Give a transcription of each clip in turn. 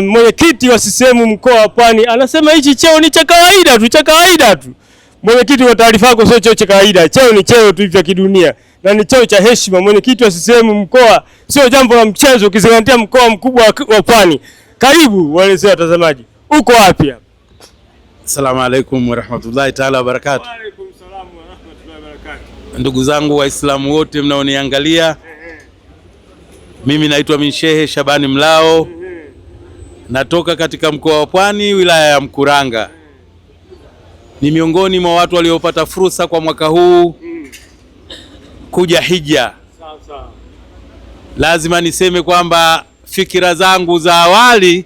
mwenyekiti wa CCM mkoa wa Pwani anasema hichi cheo ni cha kawaida tu, cha kawaida tu. Mwenyekiti wa taarifa yako, sio cheo cha kawaida, cheo ni cheo tu cha kidunia na ni cheo cha heshima. Mwenyekiti wa CCM mkoa sio jambo la mchezo, ukizingatia mkoa mkubwa wa Pwani. Karibu waelezea watazamaji, uko wapi hapa? Asalamu alaykum warahmatullahi taala wabarakatuh. Wa alaykum salaam warahmatullahi wabarakatuh. Ndugu zangu Waislamu wote mnaoniangalia, mimi naitwa Minshehe Shabani Mlao Natoka katika mkoa wa Pwani, wilaya ya Mkuranga. Ni miongoni mwa watu waliopata fursa kwa mwaka huu kuja hija. Lazima niseme kwamba fikira zangu za awali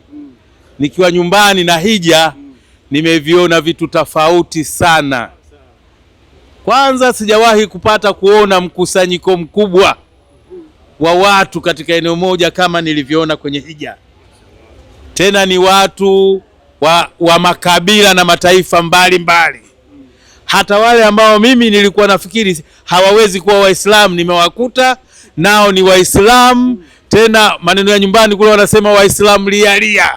nikiwa nyumbani na hija nimeviona vitu tofauti sana. Kwanza, sijawahi kupata kuona mkusanyiko mkubwa wa watu katika eneo moja kama nilivyoona kwenye hija tena ni watu wa, wa makabila na mataifa mbalimbali mbali. Hata wale ambao mimi nilikuwa nafikiri hawawezi kuwa Waislamu nimewakuta nao ni Waislamu, tena maneno ya nyumbani kule wanasema Waislamu lialia,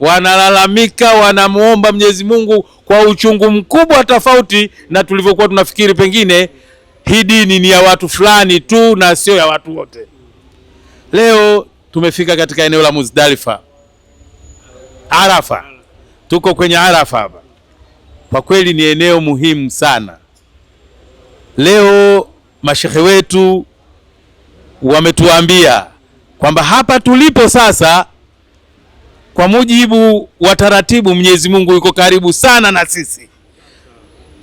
wanalalamika, wanamwomba Mwenyezi Mungu kwa uchungu mkubwa, tofauti na tulivyokuwa tunafikiri pengine hii dini ni ya watu fulani tu na sio ya watu wote. Leo tumefika katika eneo la Muzdalifa. Arafa, tuko kwenye Arafa hapa. Kwa kweli ni eneo muhimu sana. Leo mashehe wetu wametuambia kwamba hapa tulipo sasa, kwa mujibu wa taratibu, Mwenyezi Mungu yuko karibu sana na sisi,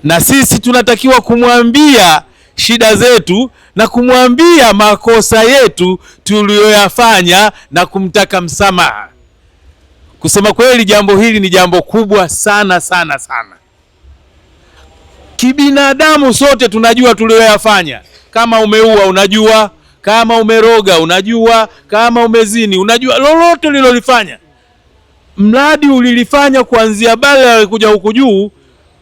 na sisi tunatakiwa kumwambia shida zetu na kumwambia makosa yetu tuliyoyafanya na kumtaka msamaha. Kusema kweli, jambo hili ni jambo kubwa sana sana sana. Kibinadamu sote tunajua tulioyafanya. Kama umeua unajua, kama umeroga unajua, kama umezini unajua, lolote ulilolifanya, mradi ulilifanya kuanzia bale alikuja huku juu,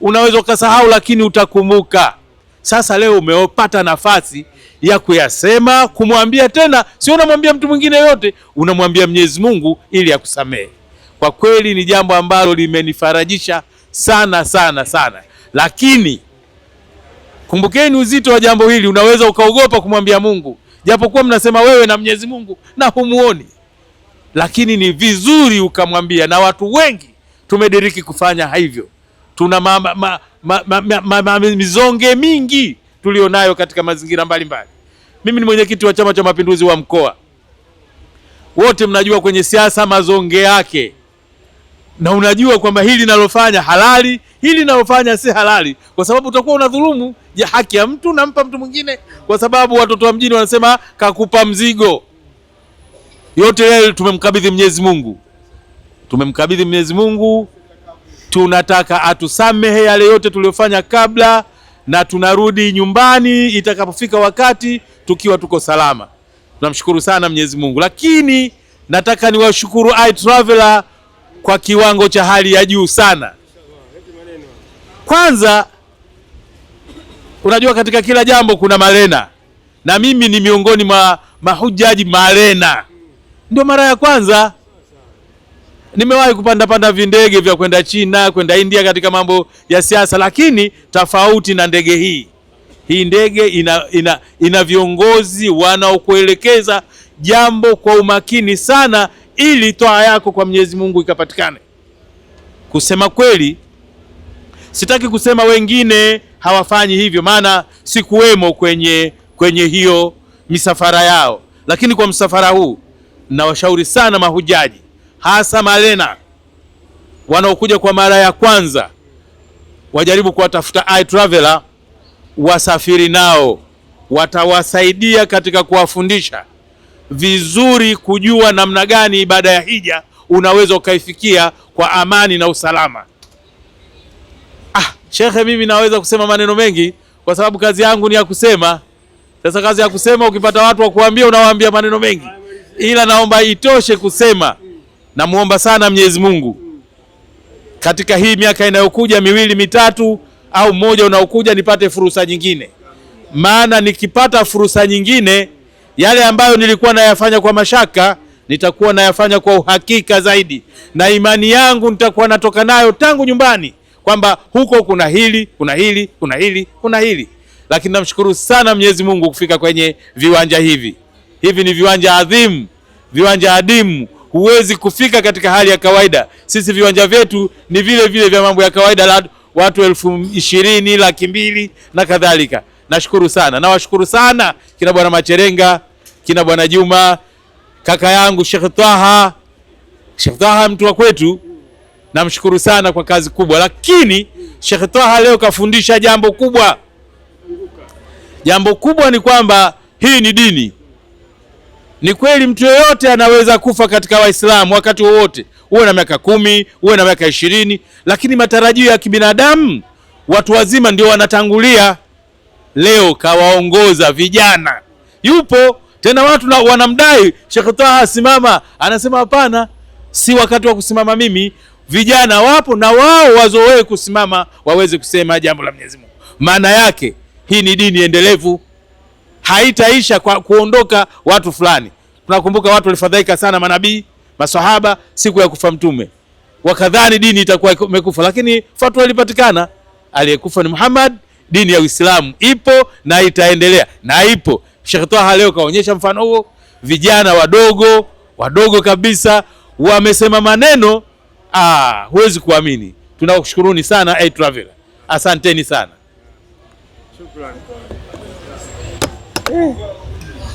unaweza ukasahau, lakini utakumbuka. Sasa leo umepata nafasi ya kuyasema, kumwambia tena, sio unamwambia mtu mwingine yote, unamwambia Mwenyezi Mungu ili akusamehe. Kwa kweli ni jambo ambalo limenifarajisha sana sana sana, lakini kumbukeni uzito wa jambo hili. Unaweza ukaogopa kumwambia Mungu, japokuwa mnasema wewe na Mwenyezi Mungu na humuoni, lakini ni vizuri ukamwambia, na watu wengi tumediriki kufanya hivyo. Tuna ma, ma, ma, ma, ma, ma, ma, ma, mizonge mingi tulionayo katika mazingira mbalimbali. Mimi ni mwenyekiti wa Chama cha Mapinduzi wa mkoa wote mnajua kwenye siasa mazonge yake na unajua kwamba hili linalofanya halali, hili nalofanya si halali, kwa sababu utakuwa unadhulumu ya haki ya mtu, nampa mtu mwingine, kwa sababu watoto wa mjini wanasema kakupa mzigo. Yote yale tumemkabidhi Mwenyezi Mungu, tumemkabidhi Mwenyezi Mungu, tunataka atusamehe yale yote tuliyofanya kabla, na tunarudi nyumbani itakapofika wakati tukiwa tuko salama. Tunamshukuru sana Mwenyezi Mungu, lakini nataka niwashukuru iTraveler kwa kiwango cha hali ya juu sana. Kwanza unajua, katika kila jambo kuna marena, na mimi ni miongoni mwa mahujaji marena. Ndio mara ya kwanza nimewahi kupanda panda vindege vya kwenda China, kwenda India katika mambo ya siasa, lakini tofauti na ndege hii hii ndege ina, ina, ina viongozi wanaokuelekeza jambo kwa umakini sana, ili twaa yako kwa Mwenyezi Mungu ikapatikane. Kusema kweli, sitaki kusema wengine hawafanyi hivyo, maana sikuwemo kwenye, kwenye hiyo misafara yao, lakini kwa msafara huu nawashauri sana mahujaji, hasa malena wanaokuja kwa mara ya kwanza, wajaribu kuwatafuta i traveler wasafiri nao, watawasaidia katika kuwafundisha vizuri kujua namna gani ibada ya hija unaweza ukaifikia kwa amani na usalama. Ah, shekhe, mimi naweza kusema maneno mengi kwa sababu kazi yangu ni ya kusema. Sasa kazi ya kusema, ukipata watu wa kuambia, unawaambia maneno mengi, ila naomba itoshe kusema. Namwomba sana Mwenyezi Mungu katika hii miaka inayokuja miwili mitatu au mmoja unaokuja nipate fursa nyingine, maana nikipata fursa nyingine, yale ambayo nilikuwa nayafanya kwa mashaka nitakuwa nayafanya kwa uhakika zaidi, na imani yangu nitakuwa natoka nayo tangu nyumbani kwamba huko kuna hili kuna hili kuna hili kuna hili. Lakini namshukuru sana Mwenyezi Mungu kufika kwenye viwanja hivi. Hivi ni viwanja adhimu, viwanja adimu, huwezi kufika katika hali ya kawaida. Sisi viwanja vyetu ni vile vile vya mambo ya kawaida, watu elfu ishirini laki mbili na kadhalika. Nashukuru sana, nawashukuru sana kina bwana Macherenga, kina bwana Juma, kaka yangu Sheikh Taha. Sheikh Twaha mtu wa kwetu, namshukuru sana kwa kazi kubwa, lakini Sheikh Twaha leo kafundisha jambo kubwa. Jambo kubwa ni kwamba hii ni dini. Ni kweli mtu yeyote anaweza kufa katika Waislamu wakati wowote, uwe na miaka kumi, uwe na miaka ishirini, lakini matarajio ya kibinadamu watu wazima ndio wanatangulia. Leo kawaongoza vijana, yupo tena, watu na wanamdai Sheikh Taha, simama. Anasema hapana, si wakati wa kusimama mimi. Vijana wapo na wao wazowee kusimama waweze kusema jambo la Mwenyezi Mungu. Maana yake hii ni dini endelevu, haitaisha kwa kuondoka watu fulani. Tunakumbuka watu walifadhaika sana manabii masahaba siku ya kufa mtume wakadhani dini itakuwa imekufa, lakini fatwa ilipatikana, aliyekufa ni Muhammad. Dini ya Uislamu ipo na itaendelea na ipo. Sheikh Twaha leo kaonyesha mfano huo, vijana wadogo wadogo kabisa wamesema maneno ah, huwezi kuamini. Tunakushukuruni sana A Traveler, asanteni sana, shukrani.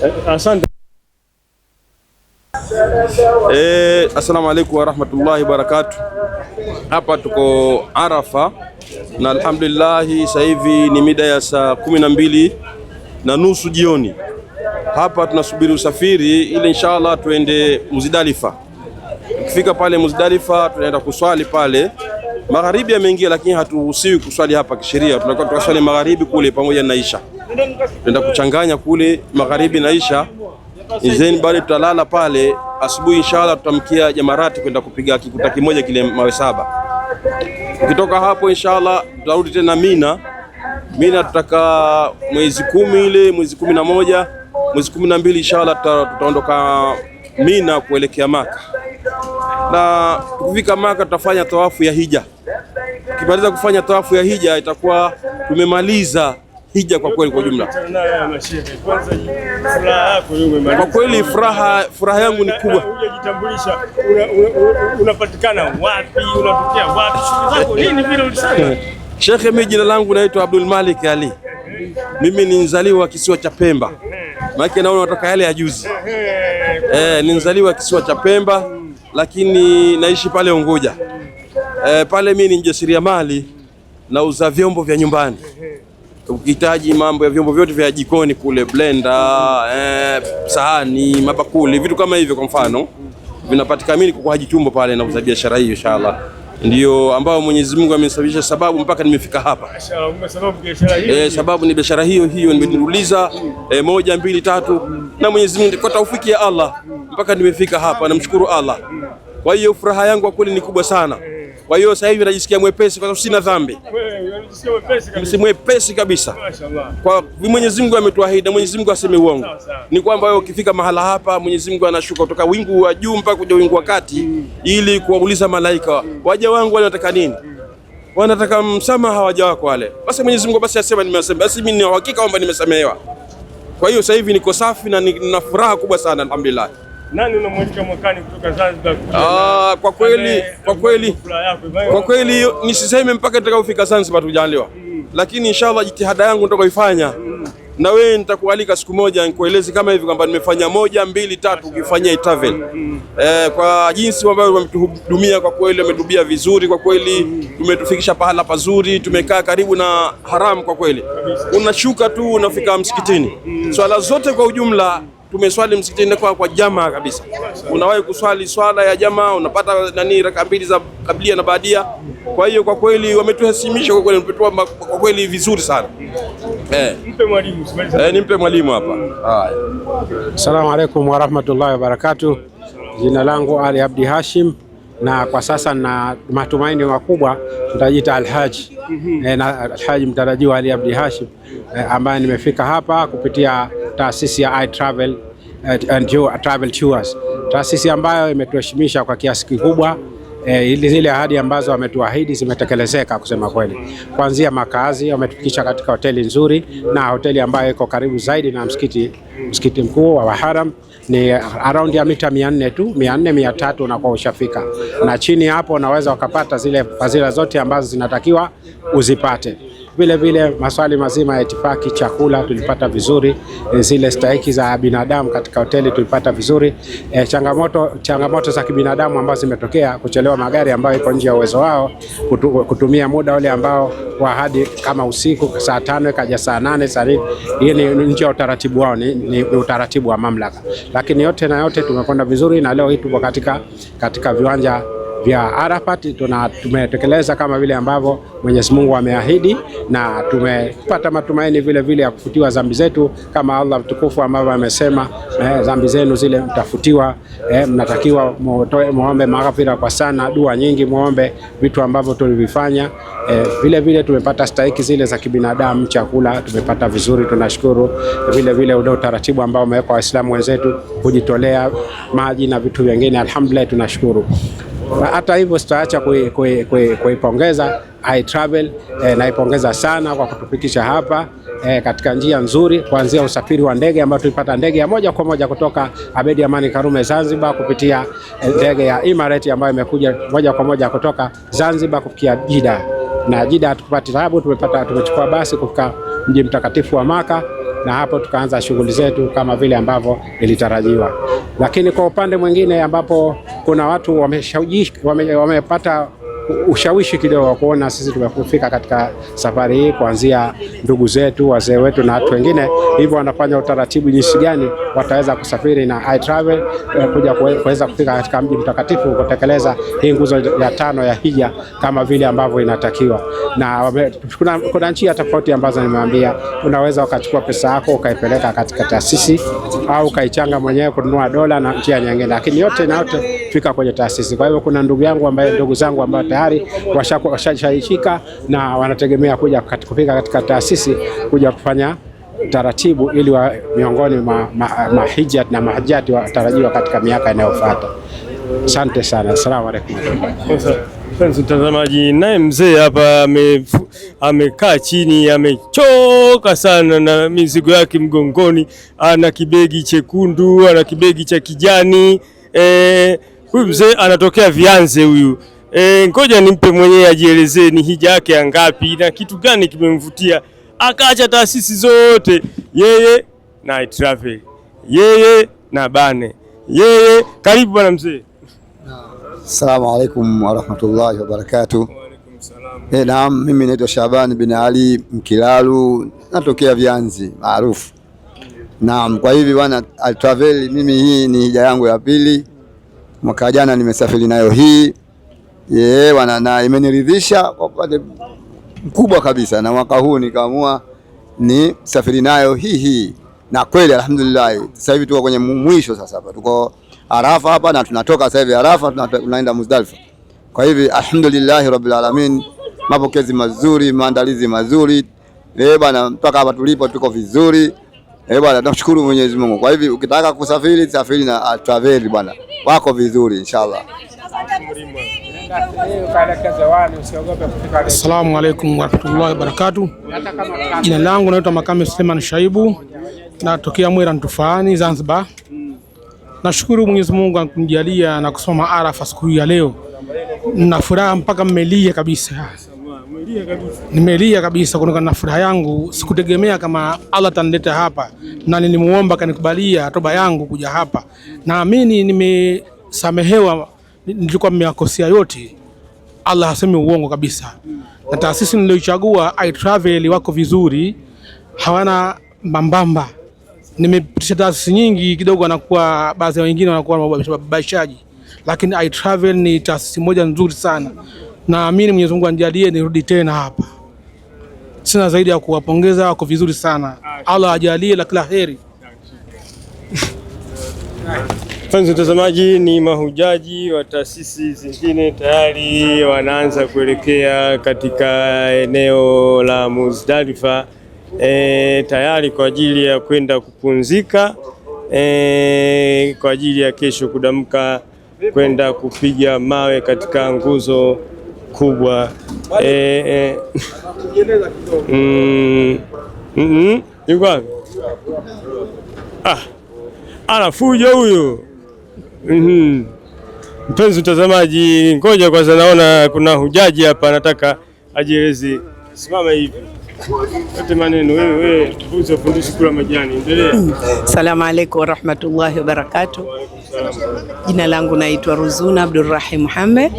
Eh, asante. Eh, assalamu alaikum warahmatullahi wabarakatu. Hapa tuko Arafa na alhamdulillah sasa hivi ni mida ya saa kumi na mbili na nusu jioni. Hapa tunasubiri usafiri ili inshallah tuende Muzdalifa. Tukifika pale Muzdalifa tunaenda kuswali pale. Magharibi yameingia, lakini haturuhusiwi kuswali hapa kisheria. Tunakuwa tukaswali magharibi kule pamoja na Isha, tunaenda kuchanganya kule magharibi na Isha izeni bado tutalala pale. Asubuhi inshallah tutamkia Jamarati kwenda kupiga kikuta kimoja kile mawe saba. Ukitoka hapo inshallah tutarudi tena Mina. Mina tutakaa mwezi kumi ile mwezi kumi na moja mwezi kumi na mbili inshallah tutaondoka Mina kuelekea Maka, na tukifika Maka tutafanya tawafu ya hija. Tukimaliza kufanya tawafu ya hija itakuwa tumemaliza hija kwa kweli, kwa jumla, kwa kweli furaha furaha yangu ni kubwa. Unajitambulisha, unapatikana wapi, unatokea wapi, shughuli zako nini vile ulisema? Shekhe, mimi jina langu naitwa Abdul Malik Ali, mimi ni mzaliwa kisiwa cha Pemba, maana naona natoka yale ya juzi. Eh, ni mzaliwa kisiwa cha Pemba lakini naishi pale Unguja. Eh, pale mimi ni mjasiriamali, nauza vyombo vya nyumbani ukihitaji mambo ya vyombo vyote vya jikoni kule blender, eh, sahani, mabakuli, vitu kama hivyo, kwa mfano vinapatikana kwa Haji Tumbo pale na uza biashara hiyo inshallah ndio ambao Mwenyezi Mungu amenisababisha sababu mpaka nimefika hapa. E, sababu ni biashara hiyo hiyo nimejiuliza e, eh, moja mbili tatu, na Mwenyezi Mungu kwa taufiki ya Allah mpaka nimefika hapa, namshukuru Allah. Kwa hiyo furaha yangu kwa kweli ni kubwa sana. Kwa hiyo sasa hivi najisikia mwepesi kwa sababu sina dhambi. Si mwepesi kabisa. Kwa Mwenyezi Mungu ametuahidi na Mwenyezi Mungu aseme uongo. Ni kwamba wewe ukifika mahala hapa Mwenyezi Mungu anashuka kutoka wingu wa juu mpaka kuja wingu wa kati ili kuwauliza malaika, waja wangu wale wanataka nini? Wanataka msamaha waja wako wale. Basi Mwenyezi Mungu basi asema nimesema. Basi mimi nina uhakika kwamba nimesamehewa. Kwa hiyo sasa hivi niko safi na nina furaha kubwa sana alhamdulillah. Nani unamwalika mwakani kutoka Zanzibar? Ah, kwa kweli, kwa kweli, kwa kweli nisiseme mpaka nitakapofika Zanzibar tujaliwa, lakini inshallah jitihada yangu nitakaoifanya na wewe nitakualika siku moja nikueleze kama hivi kwamba nimefanya moja mbili tatu, ukifanyia travel mm eh, kwa jinsi ambavyo wametuhudumia kwa kweli, wametubia vizuri kwa kweli mm Tumetufikisha pahala pazuri, tumekaa karibu na haramu kwa kweli, unashuka tu unafika msikitini mm Swala so, zote kwa ujumla tumeswali msikitini kwa, kwa jamaa kabisa. Unawahi kuswali swala ya jamaa unapata nani raka mbili za kablia na baadia. Kwa hiyo kwa kweli wametuhesimisha kwa kweli, kwa kweli vizuri sana eh. Nipe mwalimu eh, nipe mwalimu hapa. Haya, assalamu alaikum warahmatullahi wabarakatuh. Jina langu Ali Abdi Hashim na kwa sasa na matumaini makubwa tutajiita Alhaji mm -hmm. E, eh, na Alhaji mtarajiwa Ali Abdi Hashim e, ambaye nimefika hapa kupitia taasisi ya I Travel eh, and you, Travel Tours, taasisi ambayo imetuheshimisha kwa kiasi kikubwa. E, ili zile ahadi ambazo wametuahidi zimetekelezeka kusema kweli, kuanzia makazi wametufikisha katika hoteli nzuri na hoteli ambayo iko karibu zaidi na msikiti msikiti mkuu wa waharam ni around ya mita 400 tu, 400 300, unakuwa ushafika, na chini hapo unaweza ukapata zile fadhila zote ambazo zinatakiwa uzipate vile vile maswali mazima ya itifaki, chakula tulipata vizuri, zile stahiki za binadamu katika hoteli tulipata vizuri. E, changamoto changamoto za kibinadamu ambazo zimetokea, kuchelewa magari ambayo iko nje ya uwezo wao, kutu, kutumia muda ule ambao wa hadi kama usiku saa tano ikaja saa nane saa nne. Hii ni nje ya utaratibu wao, ni, ni utaratibu wa mamlaka, lakini yote na yote tumekwenda vizuri, na leo hii tupo katika, katika viwanja vya Arafat tuna tumetekeleza kama vile ambavyo Mwenyezi Mungu ameahidi, na tumepata matumaini vile vile ya kufutiwa dhambi zetu kama Allah mtukufu ambavyo amesema eh, dhambi zenu zile mtafutiwa. Eh, mnatakiwa muombe, muombe maghfirah kwa sana, dua nyingi muombe vitu ambavyo tulivifanya. Eh, vile vile tumepata stahiki zile za kibinadamu, chakula tumepata vizuri, tunashukuru. Vile vile ule utaratibu ambao umewekwa Waislamu wenzetu kujitolea maji na vitu vingine, alhamdulillah tunashukuru. Hata hivyo sitaacha kuipongeza I Travel e, naipongeza sana kwa kutufikisha hapa e, katika njia nzuri, kuanzia usafiri wa ndege ambayo tulipata ndege ya moja kwa moja kutoka Abedi Amani Karume Zanzibar kupitia eh, ndege ya Emirates ambayo imekuja moja kwa moja kutoka Zanzibar kufikia Jida, na Jida hatukupata tabu, tumepata tumechukua basi kufika mji mtakatifu wa Maka na hapo tukaanza shughuli zetu kama vile ambavyo ilitarajiwa. Lakini kwa upande mwingine ambapo kuna watu wamepata ushawishi kidogo wa kuona sisi tumefika katika safari hii, kuanzia ndugu zetu, wazee wetu na watu wengine, hivyo wanafanya utaratibu jinsi gani wataweza kusafiri na I travel eh, kuja kuweza kufika katika mji mtakatifu kutekeleza hii nguzo ya tano ya hija kama vile ambavyo inatakiwa. Na kuna, kuna njia tofauti ambazo nimeambia, unaweza ukachukua pesa yako ukaipeleka katika taasisi au ukaichanga mwenyewe kununua dola na njia nyingine, lakini yote na yote fika kwenye taasisi. Kwa hivyo kuna ndugu yangu ambaye ndugu zangu ambaye tayari washashahishika na wanategemea kuja kufika katika taasisi kuja kufanya taratibu ili wa miongoni mwa mahijat ma, ma na mahajati watarajiwa katika miaka inayofuata. Asante sana, asalamu alaykum. mtazamaji, naye mzee hapa amekaa chini, amechoka sana na mizigo yake mgongoni, ana kibegi chekundu, ana kibegi cha kijani. Eh, huyu e, mzee anatokea Vianze huyu. Eh, ngoja e, nimpe mwenyewe ajielezee ni hija yake ya ngapi na kitu gani kimemvutia akaacha taasisi zote, yeye na travel, yeye na bane, yeye. Karibu bwana mzee. Assalamu alaikum warahmatullahi wabarakatuh. Eh, naam, mimi naitwa Shabani bin Ali Mkilalu, natokea Vyanzi maarufu. Naam, kwa hivi bwana travel, mimi hii ni hija yangu ya pili. Mwaka jana nimesafiri nayo hii ye na imeniridhisha kwa upande mkubwa kabisa, na mwaka huu nikaamua ni safiri nayo hii hii, na kweli alhamdulillah, sasa hivi tuko kwenye mwisho. Sasa hapa tuko Arafa hapa na tunatoka sasa hivi Arafa tunaenda Muzdalifa. Kwa hivi alhamdulillah rabbil alamin, mapokezi mazuri, maandalizi mazuri eh bwana, mpaka hapa tulipo tuko vizuri eh bwana, tunashukuru Mwenyezi Mungu. Kwa hivi ukitaka kusafiri safiri na ah, travel bwana, wako vizuri inshallah. Assalamu alaikum warahmatullahi wabarakatu Jina langu naitwa Makame Suleiman Shaibu, natokea Mwera ntufani Zanzibar. Nashukuru Mwenyezi Mungu akumjalia na kusoma Arafa siku ya leo, na furaha mpaka mmelia kabisa. Nimelia kabisa kutokana na furaha yangu, sikutegemea kama Allah tanileta hapa, na nilimuomba kanikubalia toba yangu kuja hapa. Naamini nimesamehewa nilikuwa mmewakosea yote, Allah hasemi uongo kabisa. Na taasisi niliyochagua I Travel wako vizuri, hawana mambamba. Nimepitisha taasisi nyingi kidogo, anakuwa baadhi ya wengine wanakuwa mababaishaji, lakini I Travel ni taasisi moja nzuri sana. Naamini Mwenyezi Mungu anijalie nirudi tena hapa. Sina zaidi ya kuwapongeza, wako vizuri sana. Allah ajalie la kila heri. Mpenzi mtazamaji, ni mahujaji wa taasisi zingine tayari wanaanza kuelekea katika eneo la Muzdalifa e, tayari kwa ajili ya kwenda kupumzika e, kwa ajili ya kesho kudamka kwenda kupiga mawe katika nguzo kubwa e, e, mm, mm, mm, ah, anafuja huyo. Mm-hmm. Mpenzi mtazamaji, ngoja kwanza, naona kuna hujaji hapa anataka ajieleze. Simama hivi ate maneno wewe wewe, ufundishi kula majani. Endelea. Salamu alaykum warahmatullahi wabarakatuh. Jina langu naitwa Ruzuna Abdurrahim Muhammad,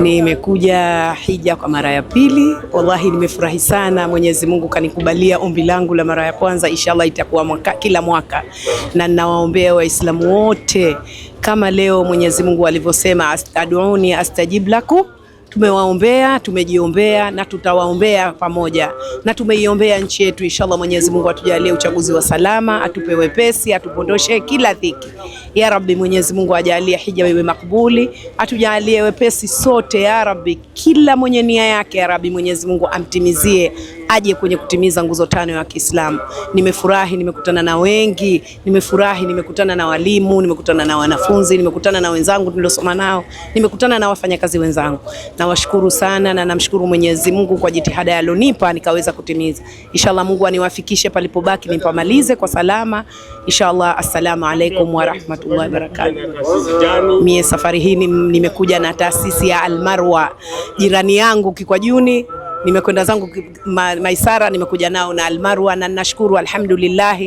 nimekuja hija kwa mara ya pili. Wallahi nimefurahi sana, Mwenyezi Mungu kanikubalia ombi langu la mara ya kwanza. Inshallah itakuwa mwaka, kila mwaka, na ninawaombea Waislamu wote kama leo Mwenyezi Mungu alivyosema, aduni astajib lakum tumewaombea, tumejiombea na tutawaombea pamoja, na tumeiombea nchi yetu. Inshallah, Mwenyezi Mungu atujalie uchaguzi wa salama, atupe wepesi, atupondoshe kila dhiki. Ya Rabbi, Mwenyezi Mungu ajalie hija iwe makbuli, atujalie wepesi sote. Ya Rabbi, kila mwenye nia yake, Ya Rabbi, Mwenyezi Mungu amtimizie aje kwenye kutimiza nguzo tano ya Kiislamu. Nimefurahi, nimekutana na wengi, nimefurahi, nimekutana na walimu, nimekutana na wanafunzi, nimekutana na wenzangu niliosoma nao, nimekutana na wafanyakazi wenzangu. Nawashukuru sana na namshukuru Mwenyezi Mungu kwa jitihada alionipa nikaweza kutimiza. Inshallah Mungu aniwafikishe palipobaki nipamalize kwa salama. Inshallah, assalamu alaykum wa rahmatullahi wa barakatuh. Mie safari hii nimekuja na taasisi ya Almarwa, jirani yangu Kikwajuni nimekwenda zangu Maisara, nimekuja nao na Almarwa na nashukuru alhamdulillah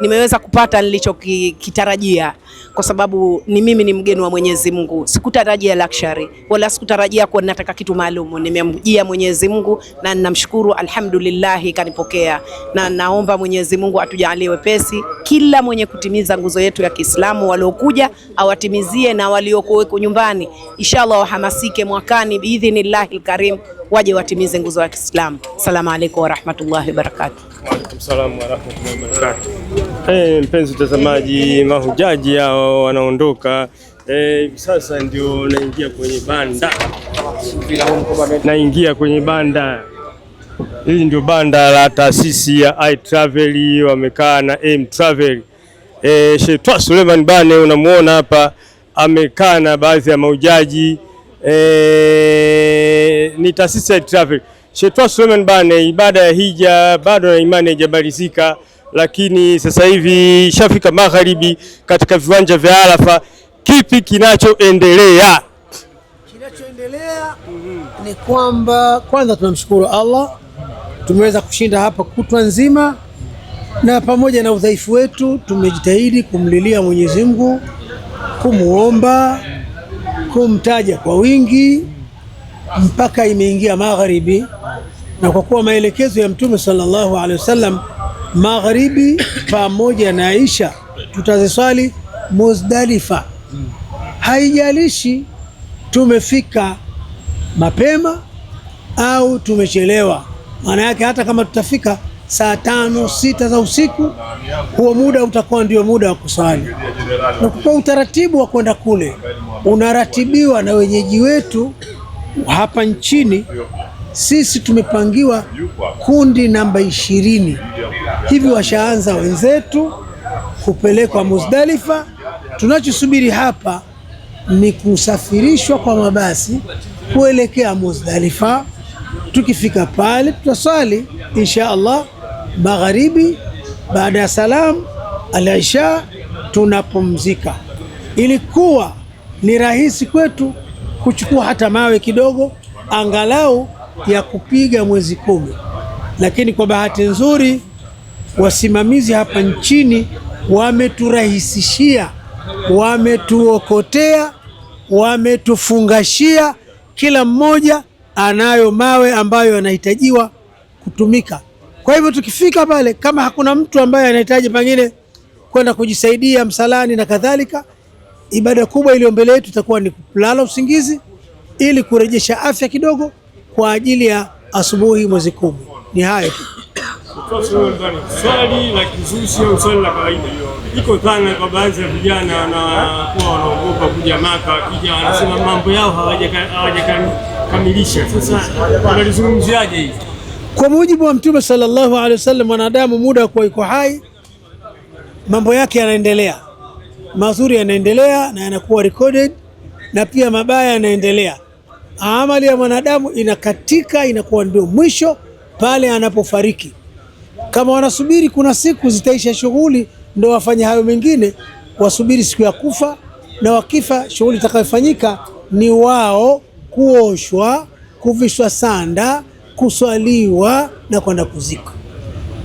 nimeweza kupata nilichokitarajia, kwa sababu ni mimi ni mgeni wa Mwenyezi Mungu. Sikutarajia luxury wala sikutarajia kuwa nataka kitu maalum. Nimemjia Mwenyezi Mungu na ninamshukuru, alhamdulillah, kanipokea, na naomba Mwenyezi Mungu atujalie wepesi kila mwenye kutimiza nguzo yetu ya Kiislamu, waliokuja awatimizie na waliokuweko nyumbani, inshallah wahamasike mwakani biidhnillahi lkarim waje watimize nguzo ya Kiislamu. Salamu alaykum wa rahmatullahi wa barakatuh. Wa alaykum salaam wa rahmatullahi wa barakatuh. Hey, eh, mpenzi mtazamaji, mahujaji hao wanaondoka eh, hivi sasa ndio naingia kwenye banda, naingia kwenye banda hili, ndio banda la taasisi ya I Travel, wamekaa na M Travel. E, eh, Sheikh Suleiman Bane unamuona hapa amekaa na baadhi ya mahujaji e, ni taasisi ya I Travel. Sheikh Suleiman Bane, ibada ya hija bado na imani haijamalizika lakini sasa hivi shafika magharibi katika viwanja vya Arafa. Kipi kinachoendelea? Kinachoendelea ni kwamba kwanza tunamshukuru Allah, tumeweza kushinda hapa kutwa nzima, na pamoja na udhaifu wetu tumejitahidi kumlilia Mwenyezi Mungu, kumuomba, kumtaja kwa wingi mpaka imeingia magharibi, na kwa kuwa maelekezo ya Mtume sallallahu alaihi wasallam magharibi pamoja na isha tutaziswali Muzdalifa, haijalishi tumefika mapema au tumechelewa. Maana yake hata kama tutafika saa tano sita za usiku, huo muda utakuwa ndio muda wa kuswali. Na kwa utaratibu wa kwenda kule unaratibiwa na wenyeji wetu hapa nchini sisi tumepangiwa kundi namba ishirini hivi, washaanza wenzetu kupelekwa Muzdalifa. Tunachosubiri hapa ni kusafirishwa kwa mabasi kuelekea Muzdalifa. Tukifika pale tutaswali insha Allah magharibi, baada ya salamu al-isha tunapumzika. Ilikuwa ni rahisi kwetu kuchukua hata mawe kidogo, angalau ya kupiga mwezi kumi, lakini kwa bahati nzuri wasimamizi hapa nchini wameturahisishia, wametuokotea, wametufungashia. Kila mmoja anayo mawe ambayo yanahitajiwa kutumika. Kwa hivyo tukifika pale, kama hakuna mtu ambaye anahitaji pengine kwenda kujisaidia msalani na kadhalika, ibada kubwa iliyo mbele yetu itakuwa ni kulala usingizi ili kurejesha afya kidogo kwa ajili ya asubuhi mwezi kumi. Ni hayo tu. Swali la kizushi au swali la kawaida, iko dhana kwa baadhi ya vijana wanakuwa wanaogopa kuja Maka, wakija wanasema mambo yao hawajakamilisha. Sasa wanalizungumziaje hii? Kwa mujibu wa Mtume sallallahu alaihi wasallam, mwanadamu muda wa kuwa iko hai, mambo yake yanaendelea, mazuri yanaendelea na yanakuwa recorded, na pia mabaya yanaendelea amali ya mwanadamu inakatika, inakuwa ndio mwisho pale anapofariki. Kama wanasubiri kuna siku zitaisha shughuli, ndo wafanye hayo mengine, wasubiri siku ya kufa, na wakifa, shughuli itakayofanyika ni wao kuoshwa, kuvishwa sanda, kuswaliwa na kwenda kuzikwa.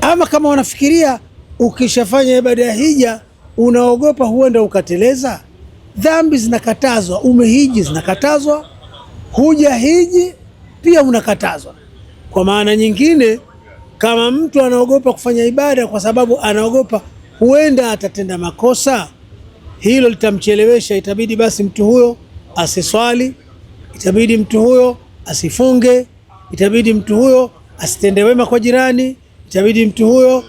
Ama kama wanafikiria ukishafanya ibada ya hija unaogopa huenda ukateleza, dhambi zinakatazwa, umehiji zinakatazwa huja hiji pia unakatazwa. Kwa maana nyingine, kama mtu anaogopa kufanya ibada kwa sababu anaogopa huenda atatenda makosa, hilo litamchelewesha. Itabidi basi mtu huyo asiswali, itabidi mtu huyo asifunge, itabidi mtu huyo asitende wema kwa jirani, itabidi mtu huyo,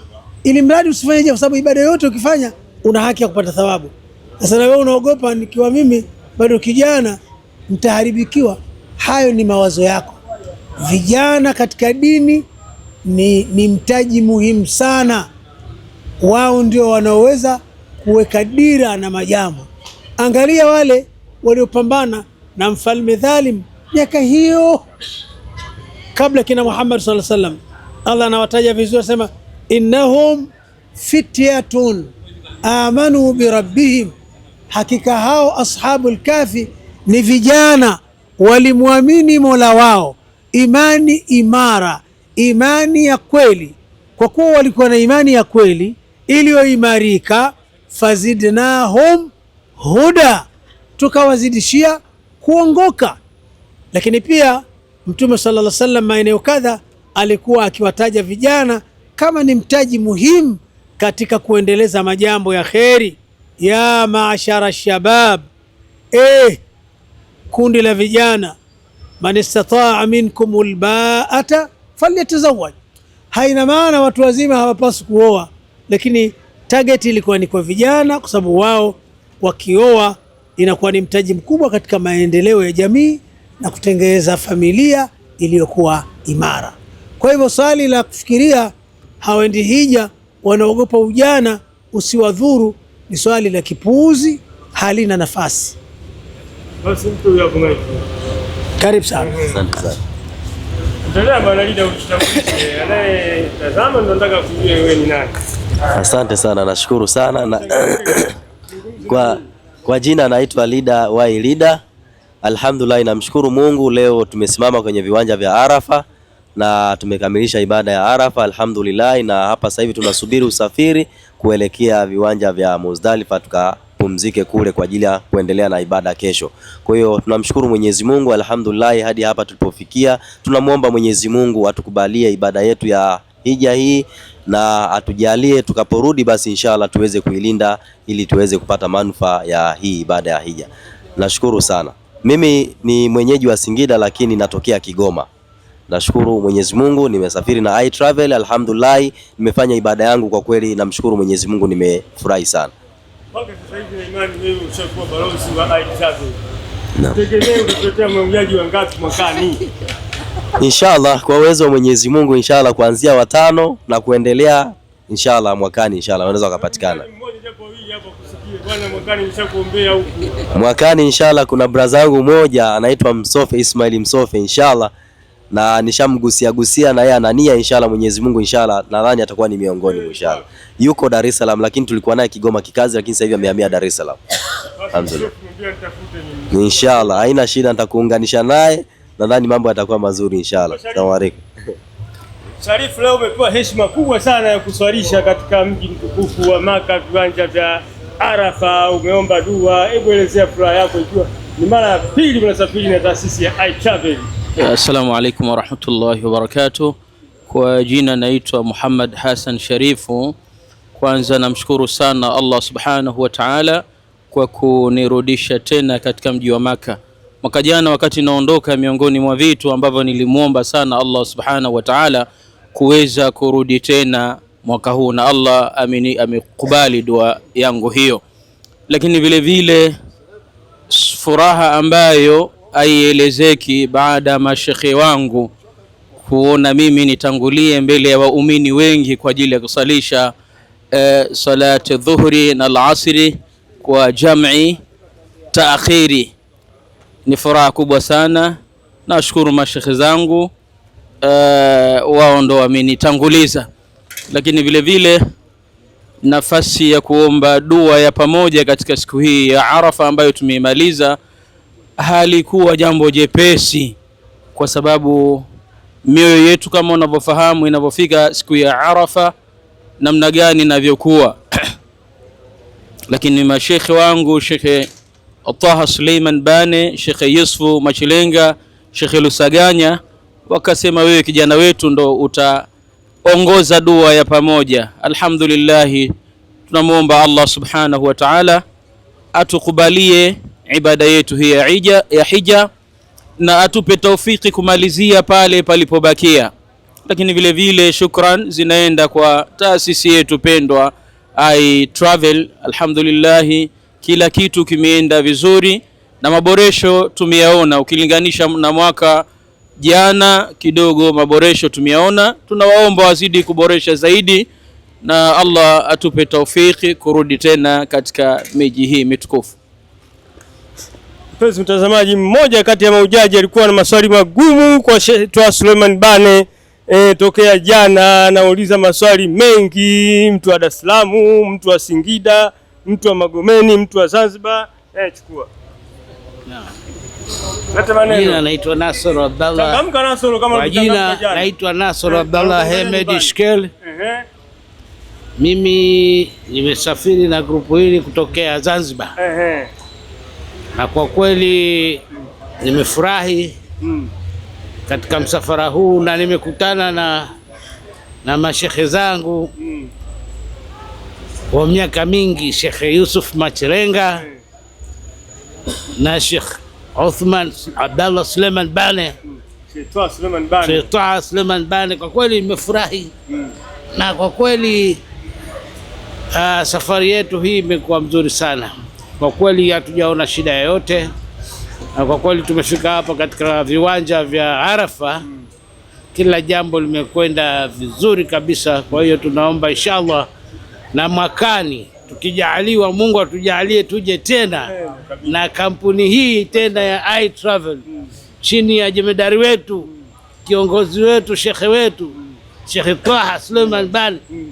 ili mradi usifanye hija, kwa sababu ibada yote ukifanya una haki ya kupata thawabu. Sasa na wewe unaogopa, nikiwa mimi bado kijana nitaharibikiwa. Hayo ni mawazo yako. Vijana katika dini ni, ni mtaji muhimu sana. Wao ndio wanaoweza kuweka dira na majambo. Angalia wale waliopambana na mfalme dhalim miaka hiyo kabla kina Muhammad sallallahu alaihi wasallam. Allah anawataja vizuri, asema innahum fityatun amanu birabbihim, hakika hao ashabul kafi ni vijana walimwamini Mola wao imani imara, imani ya kweli. Kwa kuwa walikuwa na imani ya kweli iliyoimarika, fazidnahum huda, tukawazidishia kuongoka. Lakini pia Mtume sallallahu alaihi wasallam maeneo kadha alikuwa akiwataja vijana kama ni mtaji muhimu katika kuendeleza majambo ya kheri. Ya maashara shabab eh, kundi la vijana, man istataa minkum lbaata falyatazawaj. Haina maana watu wazima hawapaswi kuoa, lakini target ilikuwa ni kwa vijana, kwa sababu wao wakioa inakuwa ni mtaji mkubwa katika maendeleo ya jamii na kutengeneza familia iliyokuwa imara. Kwa hivyo swali la kufikiria, hawaendi hija, wanaogopa ujana usiwadhuru, ni swali la kipuuzi, halina nafasi. Karibu sana. Asante sana. Asante sana, nashukuru sana na kwa, kwa jina naitwa Lida Wai Lida. Alhamdulillah, namshukuru Mungu leo tumesimama kwenye viwanja vya Arafa na tumekamilisha ibada ya Arafa alhamdulillah, na hapa sasa hivi tunasubiri usafiri kuelekea viwanja vya Muzdalifa tuka akapumzike kule kwa ajili ya kuendelea na ibada kesho. Kwa hiyo tunamshukuru Mwenyezi Mungu, alhamdulillah, hadi hapa tulipofikia. Tunamwomba Mwenyezi Mungu atukubalie ibada yetu ya hija hii na atujalie tukaporudi, basi inshallah tuweze kuilinda ili tuweze kupata manufaa ya hii ibada ya hija. Nashukuru sana. Mimi ni mwenyeji wa Singida lakini natokea Kigoma. Nashukuru Mwenyezi Mungu nimesafiri na I travel alhamdulillah, nimefanya ibada yangu kwa kweli, namshukuru Mwenyezi Mungu nimefurahi sana. Inshallah, kwa uwezo wa Mwenyezi Mungu, inshallah kuanzia watano na kuendelea, inshallah mwakani, inshallah wanaweza wakapatikana mwakani, inshallah. Kuna brazangu moja anaitwa Msofe Ismail Msofe, inshallah na nishamgusia gusia na yeye anania, inshallah Mwenyezi Mungu, inshallah nadhani atakuwa ni miongoni mwa inshallah. Yuko Dar es Salaam, lakini tulikuwa naye Kigoma kikazi, lakini sasa hivi amehamia Dar es Salaam. Inshallah haina shida, nitakuunganisha naye, nadhani mambo yatakuwa mazuri inshallah. Asalamu alaykum. Sharifu, leo umepewa heshima kubwa sana ya kuswalisha katika mji mtukufu wa Maka, viwanja vya Arafa, umeomba dua. Hebu elezea furaha yako, ikiwa ni mara ya pili unasafiri na taasisi ya iTravel. Assalamu alaikum warahmatullahi wabarakatuh. Kwa jina naitwa Muhammad Hassan Sharifu. Kwanza namshukuru sana Allah subhanahu wa ta'ala kwa kunirudisha tena katika mji wa Maka. Mwaka jana wakati naondoka, miongoni mwa vitu ambavyo nilimwomba sana Allah subhanahu wa ta'ala kuweza kurudi tena mwaka huu, na Allah amini amekubali dua yangu hiyo, lakini vile vile furaha ambayo aielezeki baada ya mashekhe wangu kuona mimi nitangulie mbele ya waumini wengi kwa ajili ya kusalisha e, eh, salati dhuhri na alasri kwa jam'i taakhiri. Ni furaha kubwa sana, nashukuru mashekhe zangu e, wao ndo wamenitanguliza, lakini vile vile nafasi ya kuomba dua ya pamoja katika siku hii ya Arafa ambayo tumeimaliza halikuwa jambo jepesi, kwa sababu mioyo yetu kama unavyofahamu inavyofika siku ya Arafa namna gani inavyokuwa. Lakini mashekhe wangu Shekhe Taha Suleiman Bane, Shekhe Yusufu Machilenga, Shekhe Lusaganya wakasema, wewe kijana wetu ndo utaongoza dua ya pamoja. Alhamdulillahi, tunamwomba Allah subhanahu wa ta'ala atukubalie ibada yetu hii ya hija, na atupe taufiki kumalizia pale palipobakia. Lakini vile vile shukran zinaenda kwa taasisi yetu pendwa I Travel. Alhamdulillah, kila kitu kimeenda vizuri na maboresho tumeyaona, ukilinganisha na mwaka jana kidogo maboresho tumeyaona. Tunawaomba wazidi kuboresha zaidi, na Allah atupe taufiki kurudi tena katika miji hii mitukufu. Mpenzi mtazamaji, mmoja kati ya maujaji alikuwa na maswali magumu kwa Sheikh Suleiman Bane e, tokea jana anauliza maswali mengi, mtu wa Dar es Salaam, mtu wa Singida, mtu wa Magomeni, mtu wa Zanzibar. E, chukua jina naitwa Nasr Abdallah. Kwa jina naitwa Nasr eh, Abdallah Hemed Shkel. Mimi nimesafiri na grupu hili kutokea Zanzibar na kwa kweli nimefurahi katika msafara huu na nimekutana na, na mashekhe zangu kwa miaka mingi, Shekhe Yusuf Macherenga na Shekh Uthman Abdallah Suleiman Bane Sheitwa Suleiman Bane. Kwa kweli nimefurahi na kwa kweli uh, safari yetu hii imekuwa mzuri sana. Kwa kweli hatujaona shida yoyote, na kwa kweli tumefika hapa katika viwanja vya Arafa, kila jambo limekwenda vizuri kabisa. Kwa hiyo tunaomba inshallah, na mwakani tukijaaliwa, Mungu atujalie tuje tena na kampuni hii tena ya I Travel chini ya jemedari wetu kiongozi wetu shekhe wetu Shekhe Taha Suleiman Bani.